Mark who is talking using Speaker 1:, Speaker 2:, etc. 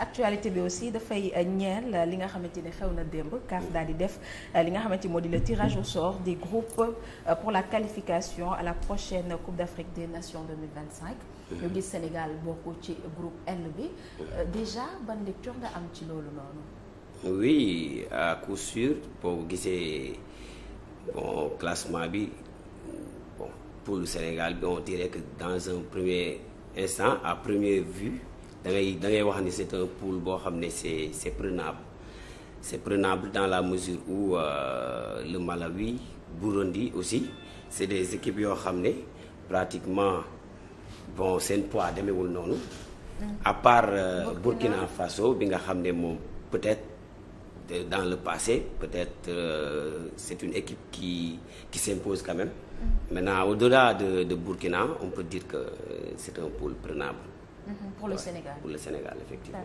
Speaker 1: actualité bi aussi dafay euh, ñeel euh, li nga xamante ni xew na démb CAF daal di def euh, li nga xamante moo di le tirage au sort des groupes pour la qualification la prochaine Coupe d'Afrique des Nations 2025 ñu gis Sénégal bokk ci groupe L bi déjà ban lecture nga am ci loolu noonu
Speaker 2: oui à coup sûr boo gisee bon classement bi pour le Sénégal bi on dirait que dans un premier instant à première vue da ngay wax ni c'est un pool boo xam ne c'est c'est prenable c'est prenable dans la mesure ou euh, le Malawi Burundi aussi c'est des équipes yoo xam ne pratiquement bon seen poids demeewul noonu mm. à part euh, Burkina Faso bi nga xam ne moom peut-être dans le passé peut-être euh, c'est une équipe qui qui s'impose quand même mm. maintenant au-delà de de Burkina on peut dire que euh, c'est un pool prenable pour le Sénégal. pour le Sénégal effectivement.